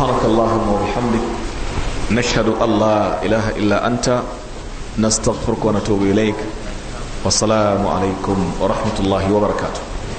سبحانك اللهم وبحمدك نشهد أن لا إله إلا أنت نستغفرك ونتوب إليك والسلام عليكم ورحمة الله وبركاته